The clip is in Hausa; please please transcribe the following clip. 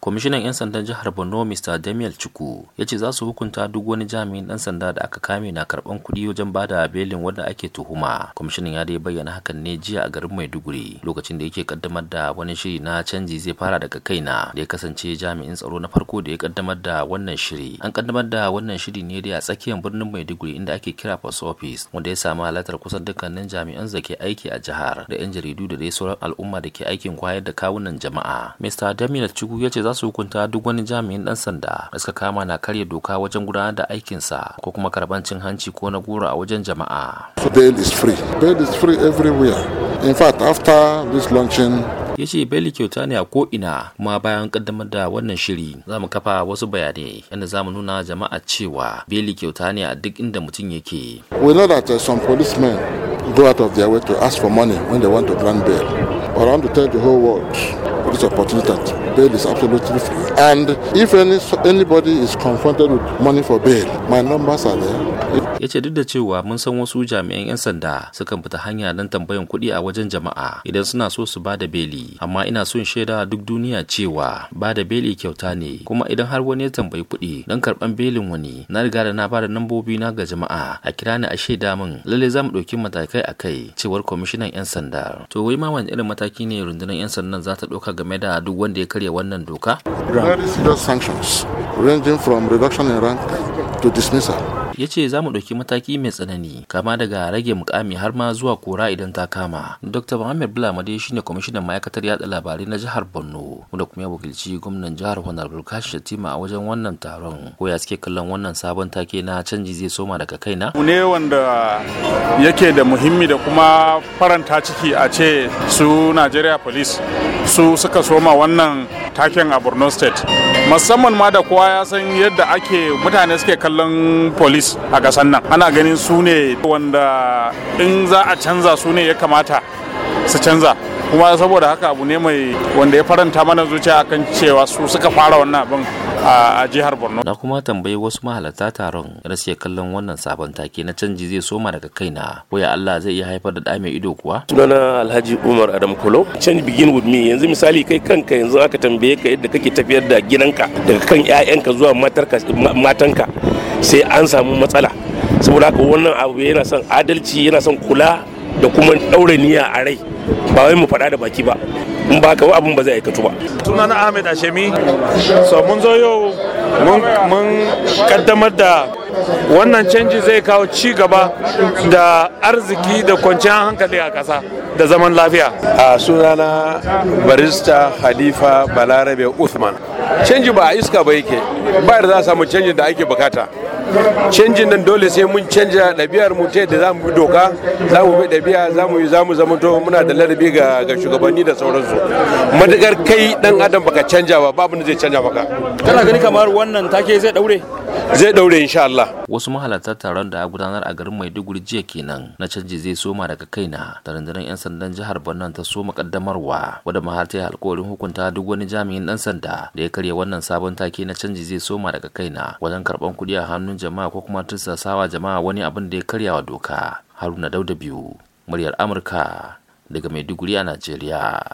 kwamishinan 'yan sandan jihar borno mr daniel chuku ya ce za su hukunta duk wani jami'in dan sanda da aka kame na karban kuɗi wajen bada belin wanda ake tuhuma kwamishinan ya dai bayyana hakan ne jiya a garin maiduguri lokacin da yake kaddamar da wani shiri na canji zai fara daga kaina da ya kasance jami'in tsaro na farko da ya kaddamar da wannan shiri an kaddamar da wannan shiri ne dai a tsakiyar birnin maiduguri inda ake kira post office wanda ya samu halartar kusan dukkanin jami'an zake aiki a jihar da 'yan jaridu da dai sauran al'umma da ke aikin kwayar da kawunan jama'a mr daniel chuku ya ce za su hukunta duk wani jami'in dan sanda da suka kama na karya doka wajen gudanar da aikinsa ko kuma karban cin hanci ko na goro a wajen jama'a. Bail is free. Bail is free everywhere. In fact, after this launching, ya ce beli kyauta ne a ko'ina kuma bayan kaddamar da wannan shiri za mu kafa wasu bayanai yadda za mu nuna jama'a cewa beli kyauta ne a duk inda mutum yake we know that uh, some policemen go out of their way to ask for money when they want to grant bail or want to tell the whole world this opportunity that bail is absolutely free. And if any, anybody is confronted with money for bail, my numbers are there. ya ce duk da cewa mun san wasu jami'an 'yan sanda sukan fita hanya don tambayan kuɗi a wajen jama'a idan suna so su bada beli amma ina son shaida duk duniya cewa bada beli kyauta ne kuma idan har wani ya tambayi kuɗi don karɓan belin wani na riga da na bada nambobi na ga jama'a a kira ni a shaida min lalle za mu ɗauki matakai a kai cewar kwamishinan 'yan sanda to wai ma wani irin mataki ne rundunar 'yan sandan za ta ɗauka game da duk wanda ya karya wannan doka? ya ce za mu ɗauki mataki mai tsanani kama daga rage mukami har ma zuwa kora idan ta kama dr muhammad bulamade ne kwamishinan ma'aikatar yada labarai na jihar borno wanda kuma ya wakilci gwamnan jihar honorable kashi shatima a wajen wannan taron ko ya suke kallon wannan sabon take na canji zai soma daga kaina ne wanda yake da muhimmi da kuma faranta ciki a ce su nigeria police su suka soma wannan taken a borno state musamman ma da kowa ya san yadda ake mutane suke kallon police a kasan nan ana ganin su ne wanda in za a canza su ne ya kamata su canza kuma saboda haka abu ne mai wanda ya faranta mana zuciya akan cewa su suka fara wannan abin a jihar borno na kuma tambayi wasu mahalarta taron rasu kallon wannan sabon take na canji zai soma daga kai na. ya allah zai iya haifar da ɗa mai ido kuwa sunana alhaji umar adam kolo change begin with me yanzu misali kai kanka yanzu aka tambaye ka yadda kake tafiyar da gidanka daga kan 'ya'yanka zuwa matanka sai an samu matsala saboda haka wannan abu yana son adalci yana son kula da kuma ɗaure niyya a rai ba wai mu faɗa da baki ba in ba ka abin ba zai aikatu ba suna na ahmed ashemi so mun zo yau mun kaddamar da wannan canji zai kawo ci gaba da arziki da kwanciyar hankali a ƙasa da zaman lafiya a sunana barista halifa balarabe usman canji ba a iska ba yake ba da za a samu canjin da ake bukata canjin nan dole sai mun canja ɗabi'ar mu ta yadda za mu bi doka za mu bi ɗabi'a za mu yi za mu to muna da ladabi ga shugabanni da sauransu matuƙar kai ɗan adam baka canja ba babu zai canja baka kana gani kamar wannan take zai ɗaure. zai daure insha Allah wasu mahalarta taron da ya gudanar a garin Maiduguri jiya kenan na canji zai soma daga kaina da rundunar yan sandan jihar Borno ta soma kaddamarwa wadda ta ya alkawarin hukunta duk wani jami'in dan sanda da ya karya wannan sabon take na canji zai soma daga kaina wajen karban kuɗi a hannun jama'a ko kuma tursasawa jama'a wani abin da ya karya wa doka Haruna Dauda biyu muryar Amurka daga Maiduguri a Najeriya